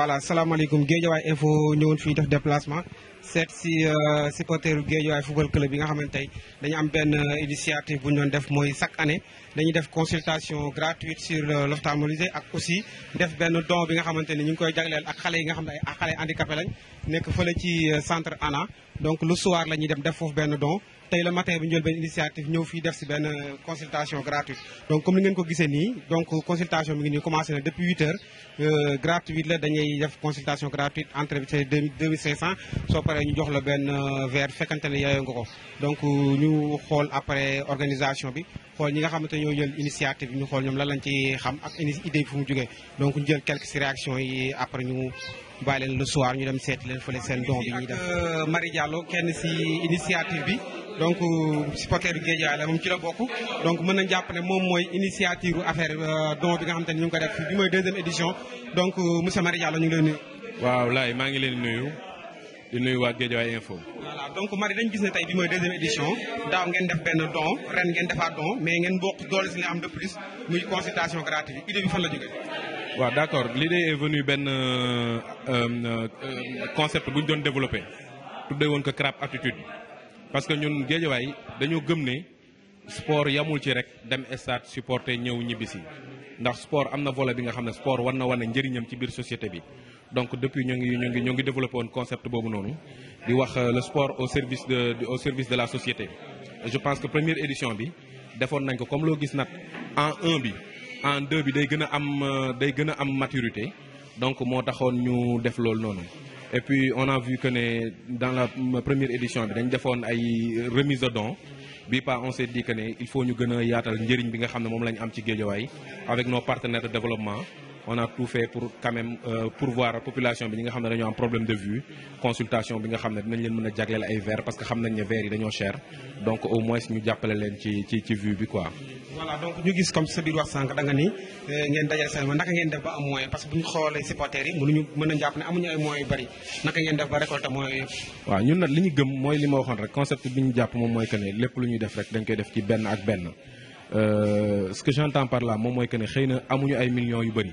voilà salaamaaleykum info def déplacement c'est si euh, football club Nous nga une euh, initiative chaque année def consultation gratuite sur euh, l'ophtalmologie ak aussi def don bi nga ñu handicapé centre Anna, donc le soir nous dem def don tay la matin bi ñu jël benn initiative ñëw fi def ci ben euh, consultation gratuite donc comme ni ngeen ko gisee ni donc consultation mi ngi nii commencé na depuis 8 heures euh, gratuite la dañay def consultation gratuite entre 2500 so paree ñu jox la ben verre fékanté la yaayoo nga ko donc ñu xol après organisation bi xol ñi nga xamanté ñoo jël initiative ñu xol ñom la lañ ci xam ak idée bi fu mu jógee donc ñu jël quelques réactions yi après ñu bàyyi le soir ñu dem seeti leen fële sen don bi ñi def Marie Diallo kenn ci initiative bi donc euh, supporter bi Guédiawaye la a même la beaucoup donc maintenant, j'ai jàpp mon moi, mooy initiative affaire euh, don bi nga xam te ne ñu ngi ko def bi deuxième édition donc euh, monsieur Marie Diallo ñu ngi lay nuyu. waaw laay maa ngi leen di nuyu di nuyu waa info. donc Marie dañ gis ne tey bi deuxième édition daaw ngeen def benn don ren ngeen defaat don mais ngeen bokk doole si nga am de plus muy consultation gratuite idée bi fan la jógee. Waouh, d'accord l'idée est venue ben concept bu ñu doon développé tuddee woon ko crap attitude. parce que ñun géejawaay dañoo gëm ne sport yamul ci rek dem stade supporter ñëw ñibbisi ndax sport am na volet bi nga xam ne sport war na ne njëriñam ci biir société bi donc depuis ñu ngi ñu ngi ñu ngi développé woon concept boobu noonu di wax euh, le sport au service de au service de la société je pense que première édition bi defoon nañ ko comme loo gis nag en un bi en deux bi day gën a am euh, day gën a am maturité donc moo taxoon ñu def loolu noonu Et puis on a vu que dans la première édition, on a fait une remise de dons. on s'est dit qu'il faut nous gagner avec nos partenaires de développement on a tout fait pour quand même pour euh, pourvoir population bi nga xamné dañu am problème de vue consultation bi nga xamné ne leen mëna a ay verres parce que xam nañ ne verres yi dañoo cher donc au moins ñu jappalé leen ci ci ci vue bi quoi. voilà donc ñu gis comme sa biir wax sànq da nga ni euh, ngeen dajal seen ma naka ngeen def ba am moyen parce que buñ xolé xoolee yi mënuñu mën a jàpp ne amuñu ay moyen bari naka ngeen def ba récolter moyens yëpp. waaw ñun nag liñu gëm moy li ma waxoon rek concept bi japp mom moy que ne lepp luñu def rek dañ koy def ci benn ak benn euh, ce que j'entends par là mom moy que ne xeyna amuñu ay millions yu bari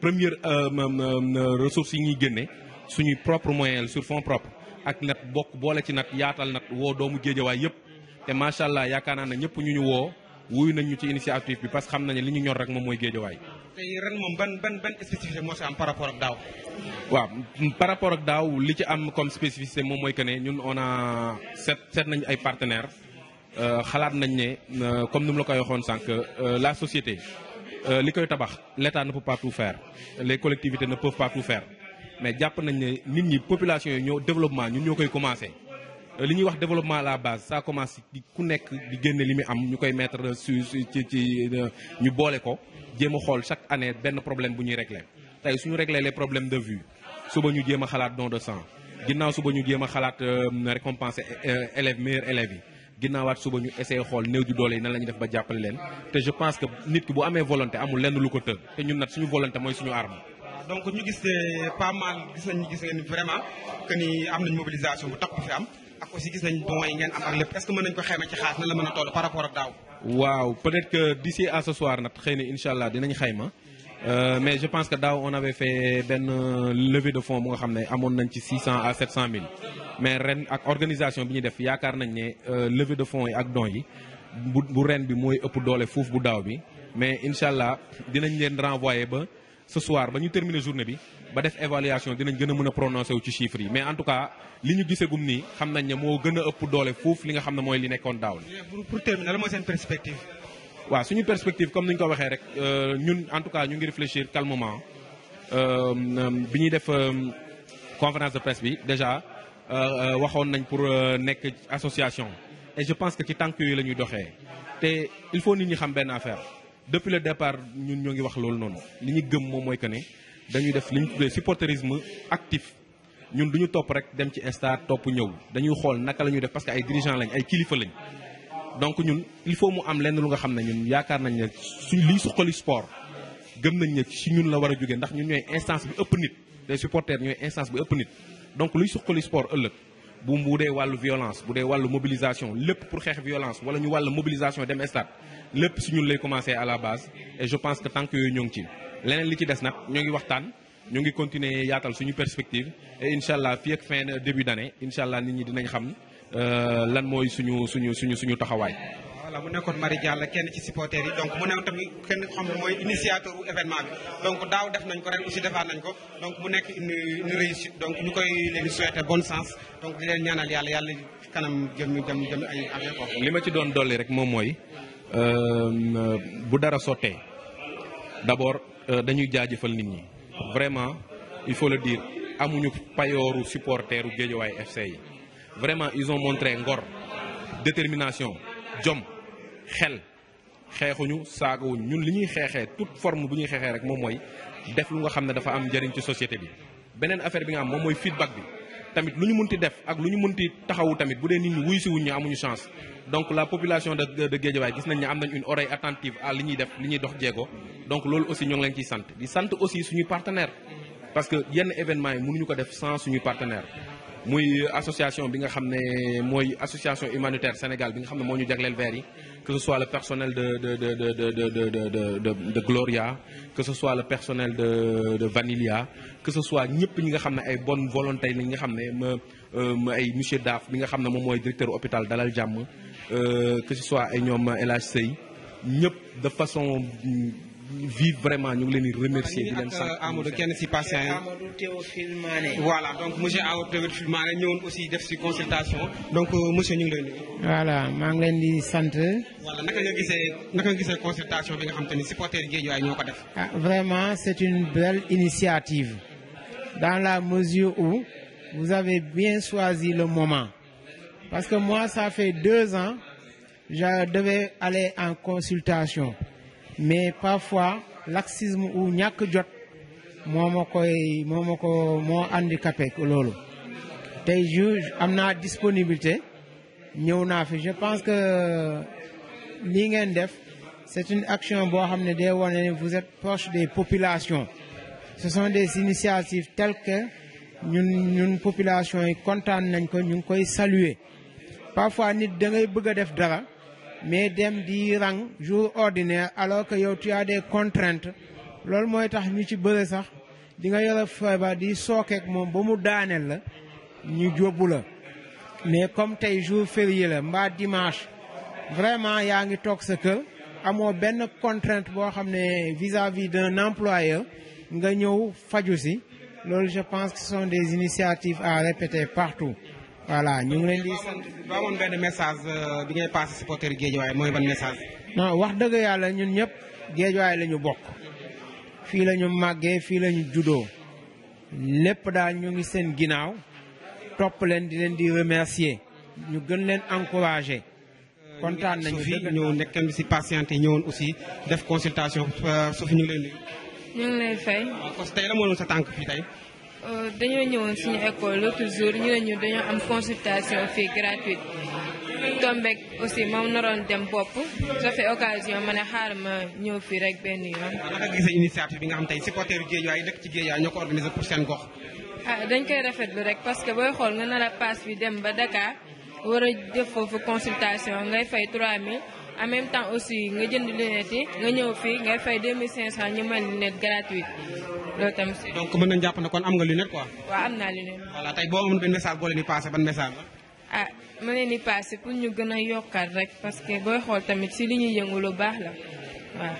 première euh, ressource yi ñuy gënné suñu propre moyen sur fond propre ak nak bokk boole ci nak yaatal nak wo doomu géejawaay yëpp te macha allah yaakaar naa ñëpp ñu ñu wo wuy nañ ñu ci initiative bi parce xam nañ ne li ñu ñor rek moom mooy géejawaay. tey ran mom ban ban ban spécificité mo si am par rapport ak daw wa par rapport ak daw li ci am comme spécificité mom moy que ne ñun on a set set nañ ay partenaires euh xalaat nañ né euh, comme ni mu koy waxoon sank euh, la société. Euh, li koy tabax l'État ne peut pas tout faire les collectivités ne peuvent pas tout faire mais japp nañ ne nit ñi population yi développement ñun ñokay commencer. Euh, li ñuy wax développement à la base ça commence di ku nekk di génne limi am ñukay mettre ci ci euh, ñu bolé ko djema xol chaque année ben problème bu ñuy régler tay suñu régler les problèmes de vue suba ñu djema xalat don de sang ginnaaw suba ñu djema xalat récompenser élèves meilleurs élèves ginnaawaat suba ñu essayé xool néew ju doole yi nan la ñuy def ba jàppale leen te je pense que nit ki bu amee volonté amul lenn lu ko të te ñun nag suñu volonté mooy suñu arme. donc ñu gis pas mal gis nañ gis ngeen vraiment que ni am nañ mobilisation bu tax bu fi am ak aussi gis nañ dons yi ngeen am ak lépp est que mën nañ ko xayma ci xaas na la mën a toll par rapport ak daaw. waaw peut-être que d'ici à ce soir xëy na incha allah dinañ xayma. Euh, mais je pense que on avait fait ben levée de fonds 600 à 700 000 mais l'organisation a organisation euh, levée de fonds et ak dons mais Inch'Allah, renvoyer ce soir Nous ñu terminer journée évaluation Nous allons prononcer chiffres mais en tout cas nous que nous avons perspective c'est une perspective comme nous euh, en tout cas nous réfléchir calmement euh, euh, conférence de presse pour association. et je pense que c'est tant que nous avons il faut nous nous xam une affaire depuis le départ nous avons fait ce que nous avons que nous supporterisme actif Nous top. rek dem ci avons nous dañuy que dirigeants donc ñun il faut mu am lenn lu nga xam ne ñun yaakaar nañ ne suñ liy suqali sport gëm nañ ne si ñun la war a jógee ndax ñun ñooy instance bi ëpp nit les supporters ñooy instance bi ëpp nit donc luy suqali sport ëllëg bu bu dee wàllu violence bu dee wàllu mobilisation lépp pour xeex violence wala ñu wàllu mobilisation dem stade lépp si ñun lay commencé à la base et je pense que tant que yooyu ñoo ngi ci leneen li ci des nag ñoo ngi waxtaan ñoo ngi continuer yaatal suñu perspective et incha allah fii ak fin début d'année incha allah nit ñi dinañ xam Euh, lan mooy suñu suñu suñu suñu taxawaay. voilà mu nekkoon Marie Diallo kenn ci supporters yi donc mu nekk tamit xam ne mooy initiateur bu événement bi donc daaw def nañ ko ren aussi defaat nañ ko donc mu nekk une une réussite donc ñu koy leen souhaiter bon sens donc di leen ñaanal yàlla yàlla kanam jëm jëm ay affaire foofu. li ma ci doon dolli rek moom mooy euh, bu dara sottee d'abord euh, dañuy jaajëfal nit ñi vraiment il faut le dire amuñu payooru supporteeru Guédiawaye FC yi. vraiment ils ont montré ngor détermination djom, xel xeexuñu saagawuñ ñun li ñuy toute forme bu ñuy xeexee rek moom mooy def lu nga xam dafa am njëriñ ci société bi Benen affaire bi nga am moom mooy feedback bi tamit lu ñu mënti def ak lu ñu mënti taxawu tamit bu dee nit ñi wuy si wuñ ñu amuñu chance donc la population de de Guédiawaye gis nañ ne une oreille attentive à li ñuy def li dox jéego donc loolu aussi ñoo ngi leen ciy sant di sant aussi suñu partenaire parce que yenn événement yi mënuñu ko def sans suñu partenaire muy association bi nga xam association humanitaire Sénégal bi nga xam ne moo ñu verre que ce soit le personnel de de de de de de de de Gloria que ce soit le personnel de de Vanilia que ce soit ñëpp ñi nga xamné ay bonne volonté ñi nga xamné ay monsieur Daf bi nga xamné ne directeur hôpital Dalal euh, que ce soit ay ñom El Hadj de façon vivre vraiment ñu ngi remercier di voilà donc monsieur Amadou Théophile Mané ñëwoon aussi def consultations. consultation donc euh, monsieur ñu ngi voilà maa di voilà naka nga gisee naka consultation bi nga supporter ah, vraiment c'est une belle initiative dans la mesure où vous avez bien choisi le moment parce que moi ça fait deux ans je devais aller en consultation mais parfois laxisme ou ñak jot moo ma mo handicapé Les juges juge la disponibilité fi je pense que euh, li c'est une action bo xamné vous êtes proche des populations ce sont des initiatives telles que ñun ñun population yi contane nañ ko ñu koy saluer parfois nit da ngay bëgg choses. def mais dem di rang jour ordinaire alors que yow tu as des contraintes lol moy tax ñu ci bëre sax di nga yore feebar di ak mom ba mu daaneel la ñu jóbbu la mais comme tay jour férié la mba dimanche vraiment ya ngi tok sa kër amoo benn contrainte bo xamné vis-à-vis d'un employeur nga ñëw faju si lol je pense que ce sont des initiatives à répéter partout voilà ñu ngi leen di sant message euh, bi ngay passé supporter Guédiawaye mooy ban message. non wax dëgg yàlla ñun ñëpp Guédiawaye la ñu bokk. fii la ñu màggee fii la ñu juddoo. lépp daal ñu ngi seen ginnaaw. topp leen di leen di remercier. ñu gën leen encouragé. Euh, kontaan nañu fi ñëw nekk si patiente yi ñëwoon aussi def consultation euh, Sophie ñu ngi leen di. ñu ngi lay ah, sa tànk Euh, dañoo ñëwoon suñu école l'autre jour ñu ne ñu dañoo am consultation fii gratuite tombek aussi moom naroon dem bopp ça fait occasion ma ne xaar ma ñëw fii rek benn yoon. naka gisee initiative bi nga xam tey supporter Guédiawaye yi dëkk ci Guédiawaye ñoo ko organisé pour seen gox. ah dañ koy rafet rafetlu rek parce que booy xool nga nar a paas bi dem ba Dakar war a def foofu consultation ngay fay 3000. en même temps aussi nga jënd lunette yi nga ñëw fii ngay fay 2500 ñu may lunette gratuite loolu tam si. donc mën nañ jàpp ne kon am nga lunette quoi. waaw am naa lunette. voilà tey boo amoon benn message boo leen di passé ban message la. ah ma leen di passé pour ñu gën a yokkaat rek parce que booy xool tamit si li ñuy yëngu lu baax la waaw.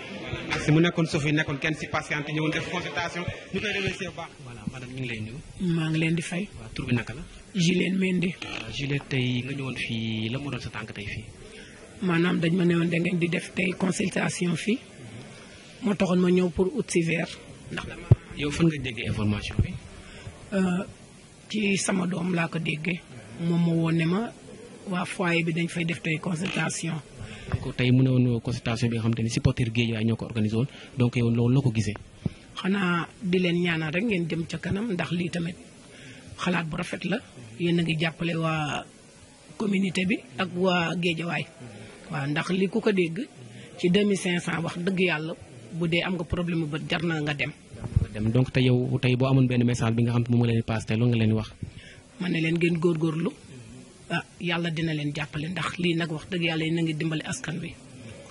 merci mu nekkoon suuf yi nekkoon kenn si patiente ñëwoon def consultation ñu koy remercier bu baax. voilà madame ñu ngi lay nuyu. maa ngi leen di fay. waaw tur bi naka la. Julienne Mende. Juliette tey nga ñëwoon fii la mu doon sa tànk tey fii. maanaam dañ ma ne woon da di def tey consultation fii ma taxoon ma ñëw pour ut si verre ndax dama. yow fan nga déggee information bi. Euh, ci sama doom laa ko déggee moom moo woon ne ma waa foyer bi dañ fay def tey consultation. donc tey mu ne woon consultation bi nga xamante ni supporter Guédiawaye ñoo ko organisé woon donc yow loolu la ko gisee. xanaa di leen ñaanal rek ngeen jëm ca kanam ndax lii tamit xalaat bu rafet la yéen a ngi jàppale waa communité bi ak waa géejawaay waaw ndax li ku ko dégg ci 2500 wax dëgg yàlla bu dee am nga problème bu bët jar na nga dem. donc te yow tey boo amoon benn message bi nga xam ne moom nga leen di paas tey loolu nga leen wax. ma ne leen ah, leen jàppale ndax lii nag wax dëgg yàlla yi na ngi dimbali askan wi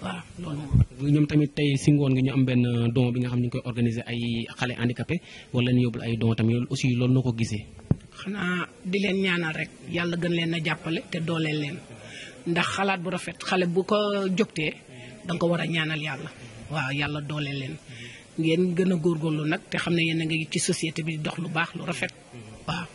waaw loolu moom. ñoom tamit tey si ngoon nga ñu am benn don bi nga xam ne ñu koy organiser ay xale handicapé wala leen yóbbul ay don tamit aussi loolu noo ko gisee. xanaa di leen ñaanal rek yàlla gën leen a jàppale te dooleel leen. ndax xalaat bu rafet xale bu ko jógtee da nga ko war a ñaanal yàlla waaw yàlla doole leen ngeen gën a góorgóorlu nag te xam ne yéen a ngi ci société bi di dox lu baax lu rafet waaw